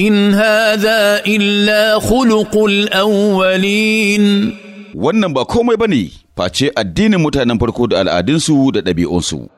in hadha illa khuluqul awwalin wannan ba komai bane face addinin mutanen farko da al'adunsu da ɗabi'unsu